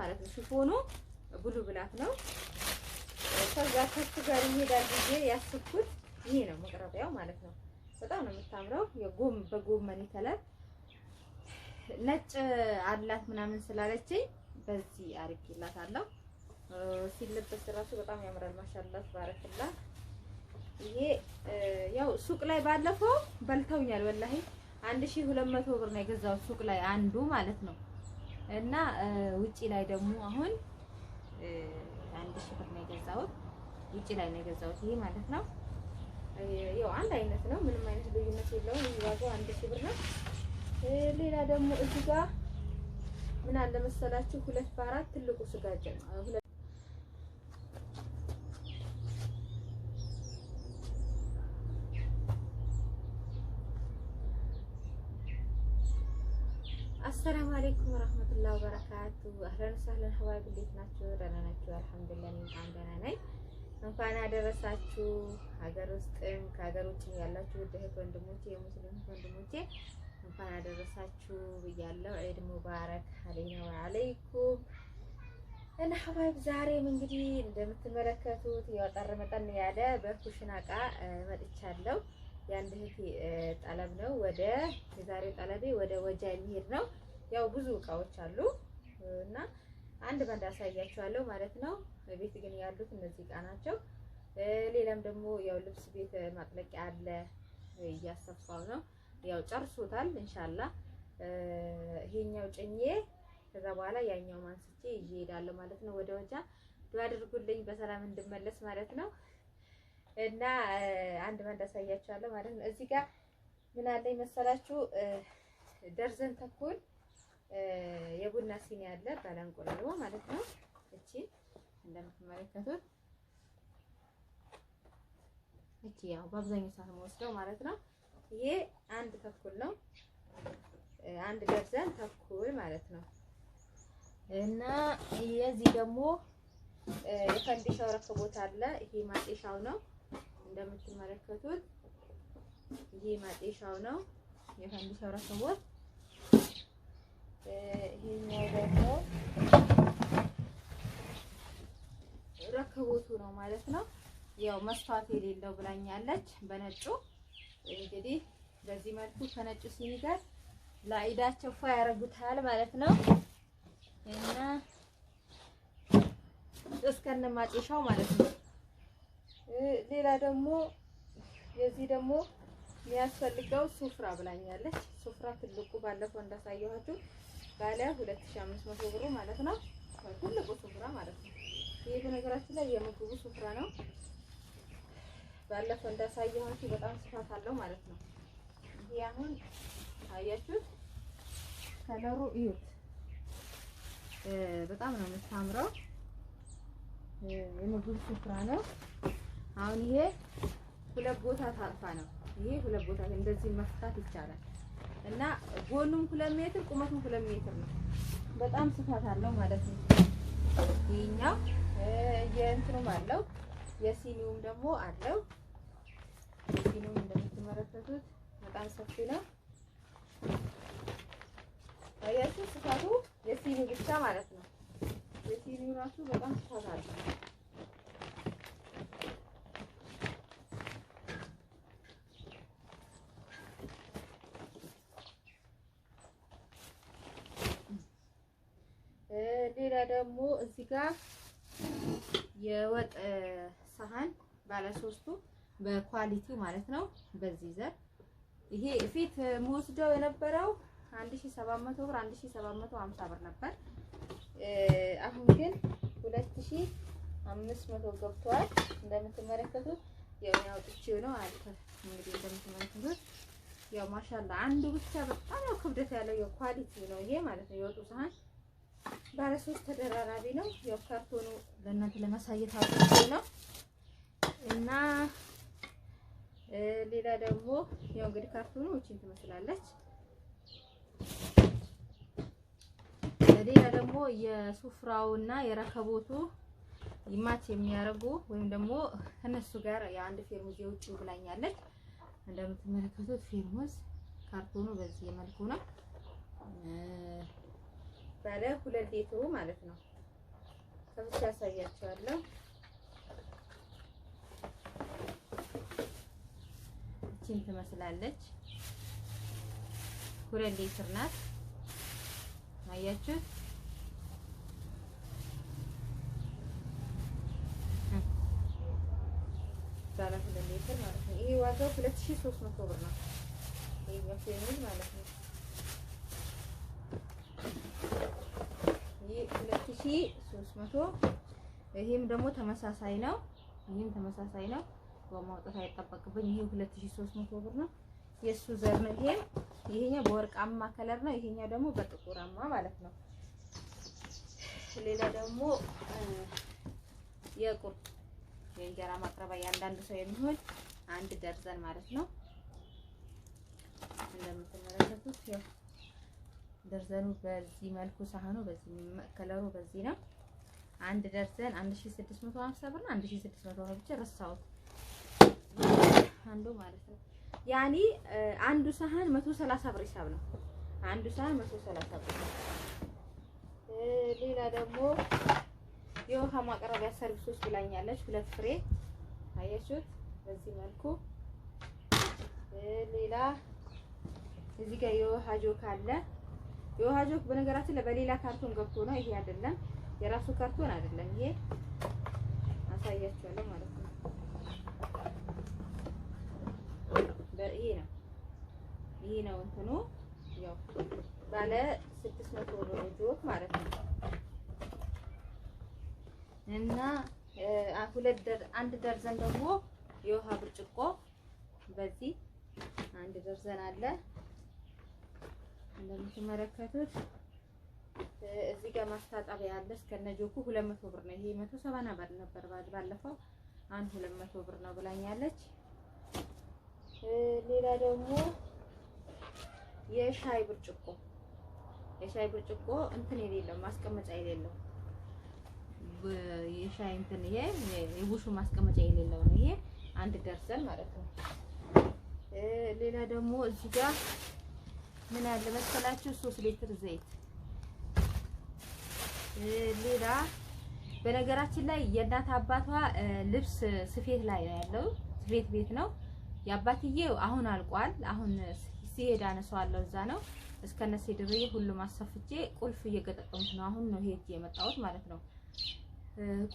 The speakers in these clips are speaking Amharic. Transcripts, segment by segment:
ማለት ነው። ሽፎኑ ብሉ ብላት ነው። ከዛ ከሱ ጋር ይሄዳል ብዬ ያስኩት ይሄ ነው መቅረቢያው ማለት ነው። በጣም ነው የምታምረው። የጎም በጎመን ከለር ነጭ አላት ምናምን ስላለችኝ በዚህ አለው። ሲለበስ ራሱ በጣም ያምራል። ማሻአላ ተባረክላ። ይሄ ያው ሱቅ ላይ ባለፈው በልተውኛል። ወላሂ 1200 ብር ነው የገዛው ሱቅ ላይ አንዱ ማለት ነው። እና ውጪ ላይ ደግሞ አሁን አንድ ሺህ ብር ነው የገዛሁት። ውጪ ላይ ነው የገዛሁት ይሄ ማለት ነው። ያው አንድ አይነት ነው፣ ምንም አይነት ልዩነት የለውም። ዋጋው አንድ ሺህ ብር ነው። ሌላ ደግሞ እዚህ ጋር ምን አለ መሰላችሁ ሁለት በአራት ትልቁ ስጋ ናችሁ? አህለን ሳህለን ሀባይብ እንዴት ናችሁ? ደህና ናችሁ? አልሐምዱሊላህ በጣም ደህና ነኝ። እንኳን አደረሳችሁ። ሀገር ውስጥም ከሀገር ውጭም ያላችሁ ውድ እህት ወንድሞቼ፣ የሙስሊም ወንድሞቼ እንኳን አደረሳችሁ ብያለሁ። ዒድ ሙባረክ አለይና ወአለይኩም እና ሀባይብ ዛሬም እንግዲህ እንደምትመለከቱት ያው መጠን ያለ በኩሽና እቃ መጥቻለሁ። የአንድ እህቴ ጠለብ ነው። ወደ የዛሬው ጠለቤ ወደ ወጃ የሚሄድ ነው። ያው ብዙ እቃዎች አሉ እና አንድ ባንድ አሳያችኋለሁ ማለት ነው። ቤት ግን ያሉት እነዚህ እቃ ናቸው። ሌላም ደግሞ ያው ልብስ ቤት ማጥለቂያ አለ፣ እያሰፋው ነው። ያው ጨርሶታል እንሻላ። ይሄኛው ጭኜ ከዛ በኋላ ያኛው ማንስቼ ይዤ ማለት ነው ወደ ወጃ። አድርጉልኝ በሰላም እንድመለስ ማለት ነው። እና አንድ ባንድ አሳያችኋለሁ ማለት ነው። እዚህ ጋር ምን አለኝ መሰላችሁ ደርዘን ተኩል የቡና ሲኒ አለ ባላንቆሎ ማለት ነው። እቺ እንደምትመለከቱት እቺ ያው በአብዛኛው ሳህን ወስደው ማለት ነው። ይሄ አንድ ተኩል ነው፣ አንድ ደርዘን ተኩል ማለት ነው። እና የዚህ ደግሞ የፈንዲሻው ረክቦት አለ። ይሄ ማጤሻው ነው እንደምትመለከቱት፣ ይሄ ማጤሻው ነው የፈንዲሻው ረክቦት ይሄኛው ደግሞ ረከቦቱ ነው ማለት ነው። ያው መስፋት የሌለው ብላኛለች። በነጩ እንግዲህ በዚህ መልኩ ከነጩ ሲኒ ጋር ለኢዳቸው ፏ ያደርጉታል ማለት ነው እና እስከነ ማጨሻው ማለት ነው። ሌላ ደግሞ የዚህ ደግሞ የሚያስፈልገው ሱፍራ ብላኛለች። ሱፍራ ትልቁ ባለፈው እንዳሳየኋችሁ ባለ 2500 ብር ማለት ነው። ትልቁ ሱፍራ ማለት ነው። ይሄ በነገራችን ላይ የምግቡ ስፍራ ነው። ባለፈው እንዳሳየኋችሁ በጣም ስፋት አለው ማለት ነው። ይሄ አሁን አያችሁት፣ ከለሩ እዩት፣ በጣም ነው የምታምረው። የምግብ ስፍራ ነው። አሁን ይሄ ሁለት ቦታ ታርፋ ነው። ይሄ ሁለት ቦታ እንደዚህ መፍታት ይቻላል። እና ጎኑም ሁለት ሜትር ቁመቱም ሁለት ሜትር ነው። በጣም ስፋት አለው ማለት ነው። ይሄኛው የእንትኑም አለው የሲኒውም ደግሞ አለው። ሲኒውም እንደምትመለከቱት በጣም ሰፊ ነው። አያችሁ ስፋቱ የሲኒው ብቻ ማለት ነው። የሲኒው ራሱ በጣም ስፋት አለው። ደግሞ እዚህ ጋር የወጥ ሰሃን ባለ ሶስቱ በኳሊቲ ማለት ነው። በዚህ ዘር ይሄ ፊት መወስደው የነበረው 1700 ብር 1750 ብር ነበር። አሁን ግን 2500 ገብቷል። እንደምትመለከቱት ያው ጥቺው ነው አልተ እንግዲህ እንደምትመለከቱት ያው ማሻአላ አንዱ ብቻ በጣም ያው ክብደት ያለው የኳሊቲ ነው ይሄ ማለት ነው የወጡ ሰሃን ባለ ሶስት ተደራራቢ ነው። ያው ካርቶኑ ለእናንተ ለማሳየት አድርጎ ነው እና ሌላ ደግሞ ያው እንግዲህ ካርቶኑ እቺን ትመስላለች። ሌላ ደግሞ የሱፍራውና የረከቦቱ ይማች የሚያደርጉ ወይም ደግሞ ከነሱ ጋር የአንድ ፌርሙዝ የውጭ ብላኛለች። እንደምትመለከቱት ፌርሙዝ ካርቶኑ በዚህ መልኩ ነው። ባለ ሁለት ሌትሩ ማለት ነው። ከብቻ ያሳያችኋለሁ። እቺን ትመስላለች። ሁለት ሌትር ናት። አያችሁት? ባለ ሁለት ሌትር ማለት ነው። ይሄ ዋጋው 2300 ብር ነው። ይሄ ማለት ነው 1300 ይሄም ደግሞ ተመሳሳይ ነው። ይሄም ተመሳሳይ ነው። በማውጣት አይጠበቅብኝ። ይሄ 2300 ብር ነው። የሱ ዘር ነው። ይሄ ይሄኛው በወርቃማ ከለር ነው። ይሄኛው ደግሞ በጥቁራማ ማለት ነው። ሌላ ደግሞ የቁርጥ የእንጀራ ማቅረቢያ ያንዳንድ ሰው የሚሆን አንድ ደርዘን ማለት ነው እንደምትመለከቱት ያው ደርዘኑ በዚህ መልኩ ሳህኑ በዚህ ከለሩ በዚህ ነው። አንድ ደርዘን 1650 ብር ነው። 1600 ብር ብቻ ረሳሁት አንዱ ማለት ነው። ያኒ አንዱ ሳህን 130 ብር ሂሳብ ነው። አንዱ ሳህን 130 ብር። ሌላ ደግሞ የውሃ ማቅረቢያ ሰርቪሶች ብላኛለች። ሁለት ፍሬ አያችሁት በዚህ መልኩ ሌላ እዚህ ጋር የውሃ ጆክ አለ። የውሃ ጆክ በነገራችን ላይ በሌላ ካርቶን ገብቶ ነው። ይሄ አይደለም የራሱ ካርቶን አይደለም። ይሄ አሳያችኋለሁ ማለት ነው። ይሄ ነው ይሄ ነው እንትኑ ያው ባለ 600 ብር ጆክ ማለት ነው እና ሁለት ደር አንድ ደርዘን ደግሞ የውሃ ብርጭቆ በዚህ አንድ ደርዘን አለ እንደምትመለከቱት እዚህ ጋር ማስታጠቢያ ያለ ጆኩ 200 ብር ነው። ይሄ 170 ብር ነበር ባለፈው፣ አንድ 200 ብር ነው ብላኛለች። ሌላ ደግሞ የሻይ ብርጭቆ የሻይ ብርጭቆ እንትን የሌለው ማስቀመጫ የሌለው የሻይ እንትን ይሄ የቡሹ ማስቀመጫ የሌለው ነው። ይሄ አንድ ደርዘን ማለት ነው። ሌላ ደግሞ እዚህ ጋር ምን አለ መሰላችሁ? ሶስት ሊትር ዘይት ሌላ በነገራችን ላይ የእናት አባቷ ልብስ ስፌት ላይ ያለው ስፌት ቤት ነው። የአባትዬው አሁን አልቋል። አሁን ሲሄድ አነሳዋለሁ። እዛ ነው እስከነሴ ድርዬ ሁሉም አሰፍቼ ቁልፍ እየገጠጠሙት ነው። አሁን ነው ሄድ የመጣሁት ማለት ነው።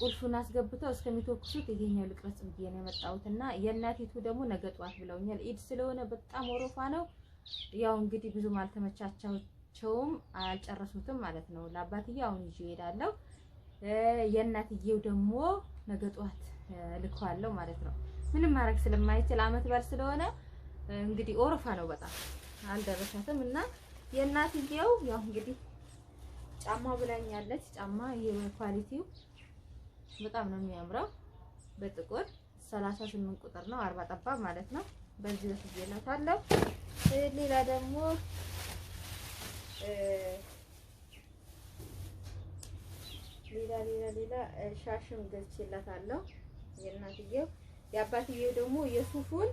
ቁልፉን አስገብተው እስከሚተኩሱት ይሄኛው ልቅረጽ ብዬ ነው የመጣሁት እና የእናቲቱ ደግሞ ነገ ጠዋት ብለውኛል። ኢድ ስለሆነ በጣም ወሮፋ ነው። ያው እንግዲህ ብዙም አልተመቻቸውም፣ አልጨረሱትም ማለት ነው። ለአባትዬው አሁን ይዤ እሄዳለሁ። የእናትዬው ደግሞ ነገ ጠዋት እልከዋለሁ ማለት ነው። ምንም ማድረግ ስለማይችል አመት በዓል ስለሆነ እንግዲህ ኦሮፋ ነው፣ በጣም አልደረሳትም እና የእናትዬው ያው እንግዲህ ጫማ ብላኛለች። ጫማ ይሄ ኳሊቲው በጣም ነው የሚያምረው። በጥቁር 38 ቁጥር ነው፣ አርባ ጠባብ ማለት ነው። በዚህ ወስጄላታለሁ። ሌላ ደግሞ ሌላ ሌላ ሌላ ሻሽም ገዝቼላታለሁ የእናትየው የአባትየው ደግሞ የሱፉን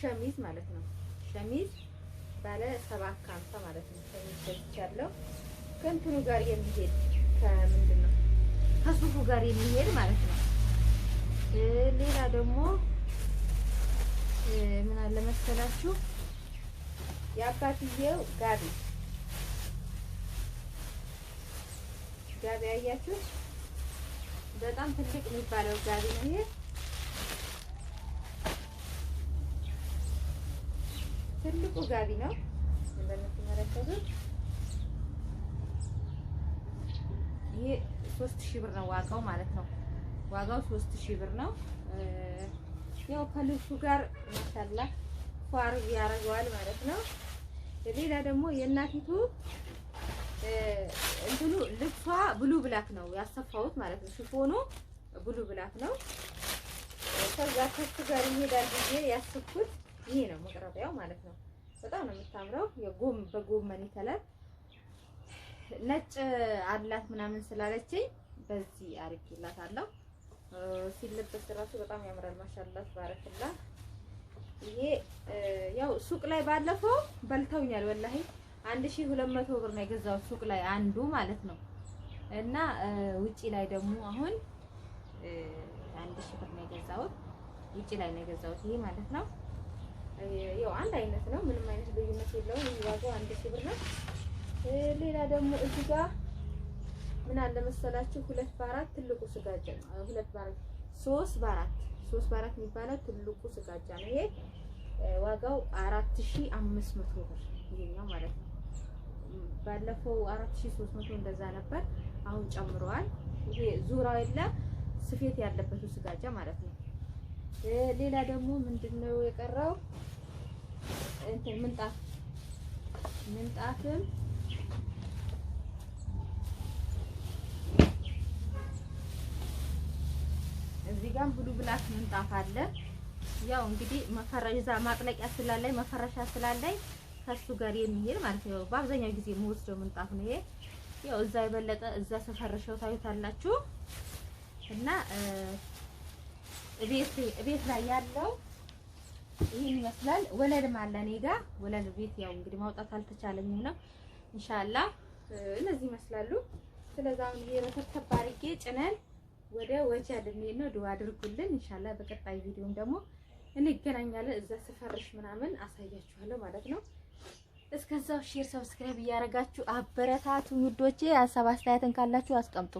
ሸሚዝ ማለት ነው። ሸሚዝ ባለ ሰባት ከሀምሳ ማለት ነው። ሸሚዝ ገዝቻለሁ ከእንትኑ ጋር የሚሄድ ከምንድን ነው ከሱፉ ጋር የሚሄድ ማለት ነው። ሌላ ደግሞ ምን አለ መሰላችሁ የአባትየው ጋቢ ጋቢ አያችሁ፣ በጣም ትልቅ የሚባለው ጋቢ ነው ይሄ። ትልቁ ጋቢ ነው እንደምትመለከቱት። ይሄ ሶስት ሺህ ብር ነው ዋጋው ማለት ነው። ዋጋው ሶስት ሺህ ብር ነው። ያው ከልብሱ ጋር ማሻላ ስኳር ያደርገዋል ማለት ነው። ሌላ ደግሞ የእናቲቱ እንትኑ ልብሷ ብሉ ብላክ ነው ያሰፋሁት ማለት ነው። ሽፎኑ ብሉ ብላክ ነው። ከዛ ከሱ ጋር ይሄዳል ብዬ ያስኩት ይሄ ነው መቅረቢያው ማለት ነው። በጣም ነው የምታምረው። የጎም በጎመን ከለር ነጭ አላት ምናምን ስላለችኝ በዚህ አርጌላታለሁ። ሲለበስ እራሱ በጣም ያምራል። ማሻላት ባረክላ ይሄ ያው ሱቅ ላይ ባለፈው በልተውኛል። ወላሂ 1200 ብር ነው የገዛሁት ሱቅ ላይ አንዱ ማለት ነው። እና ውጪ ላይ ደግሞ አሁን 1000 ብር ነው የገዛሁት ውጪ ላይ ነው የገዛሁት ይሄ ማለት ነው። ያው አንድ አይነት ነው፣ ምንም አይነት ልዩነት የለውም። ዋጋው 1000 ብር ነው። ሌላ ደግሞ እዚህ ጋር ምን አለ መሰላችሁ ሁለት በአራት ትልቁ ስጋ ሁለት በአራት ሶስት በአራት ሶስት በአራት የሚባለው ትልቁ ስጋጃ ነው። ይሄ ዋጋው አራት ሺ አምስት መቶ ብር ይሄኛው ማለት ነው። ባለፈው አራት ሺ ሶስት መቶ እንደዛ ነበር። አሁን ጨምረዋል። ይሄ ዙሪያው የለ ስፌት ያለበት ስጋጃ ማለት ነው። ሌላ ደግሞ ምንድነው የቀረው እንትን ምንጣፍ ምንጣፍም ጋም ብሉ ብላክ ምንጣፍ አለ። ያው እንግዲህ መፈረጃ ማጥለቂያ ስላለኝ መፈረሻ ስላለኝ ከሱ ጋር የሚሄድ ማለት ነው። በአብዛኛው ጊዜ የምወስደው ምንጣፍ ነው ይሄ። ያው እዛ የበለጠ እዛ ተፈርሸው ታዩታላችሁ። እና ቤት ቤት ላይ ያለው ይህን ይመስላል። ወለልም አለ እኔ ወለል ቤት ያው እንግዲህ ማውጣት አልተቻለኝም ነው። ኢንሻአላህ እነዚህ ይመስላሉ። ስለዚህ አሁን ይሄ ረተብ አድርጌ ጭነን ወደ ወጃ ልሜ ነው። ድዋ አድርጉልን ኢንሻአላህ። በቀጣይ ቪዲዮም ደግሞ እንገናኛለን። እዛ ስፈርሽ ምናምን አሳያችኋለሁ ማለት ነው። እስከዛው ሼር፣ ሰብስክራይብ እያደረጋችሁ አበረታቱ ውዶቼ። ሀሳብ አስተያየትን ካላችሁ አስቀምጡ።